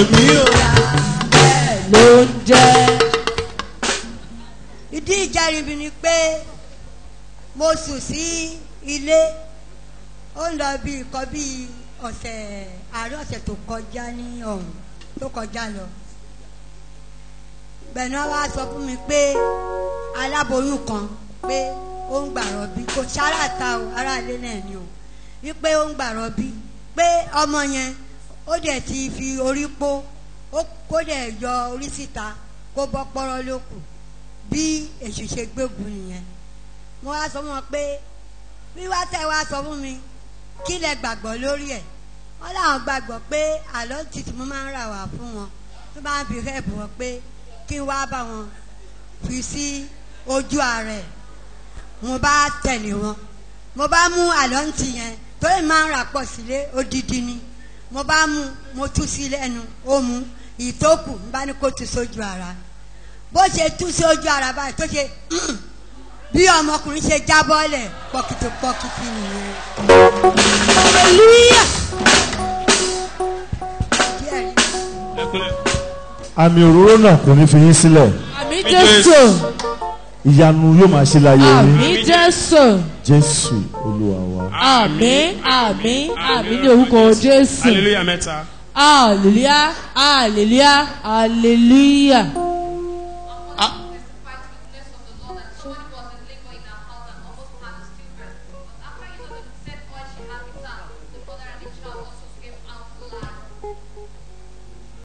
ẹ̀mí o. bẹ́ẹ̀ ló ń jẹ́. ìdí ìjà níbi ni pé mo sùn sí ilé ó ń lọ bí nǹkan bí ọ̀sẹ̀ àárọ̀ ọ̀sẹ̀ tó kọjá ní ọ̀hún tó kọjá lọ gbẹ̀nà wa sọ fún mi pé aláboyún kan pé ó ń gbàrọ̀ bí kò sára ta o ará náà ni o wípé ó ń gbàrọ̀ bí pé ọmọ yẹn ó dẹ̀ ti fi orí pó kó dẹ̀ yọ orí síta kó bọ́ pọ́rọ́ lókù bí èṣù ṣe gbógun nìyẹn mo wá sọ fún wọn pé wíwá tẹ́ wá sọ fún mi kí lẹ gbàgbọ́ lórí ẹ̀ wọ́n láwọn gbàgbọ́ pé àlọ́ títí mo máa ń rà wá fún wọn tó bá ń fi rẹ́ẹ̀bù wọn pé kí n wá bá wọn fi sí ojú ààrẹ mo bá tẹ̀lé wọn mo bá mú àlọ́ ń ti yẹn tó lè máa ń rà pọ̀ sílé odidi ni mo bá mú mo tú sí lẹ́nu ó mú ìtókù ń bá ní kó tú sójú ara bó ṣe tú sójú ara báyìí tó ṣe bí ọmọkùnrin ṣe jábọ́lẹ̀ pọkìtì pọkìtì nìyẹn. àmì òróró náà kò ní fi yín sílẹ̀. àmì jésù ìyanu yóò máa ṣe láyé yín. àmín jésù. jésù olúwa wa. àmín àmín àmín ní orúkọ jésù. hallelujah mẹ́ta. hallelujah hallelujah hallelujah. Ah.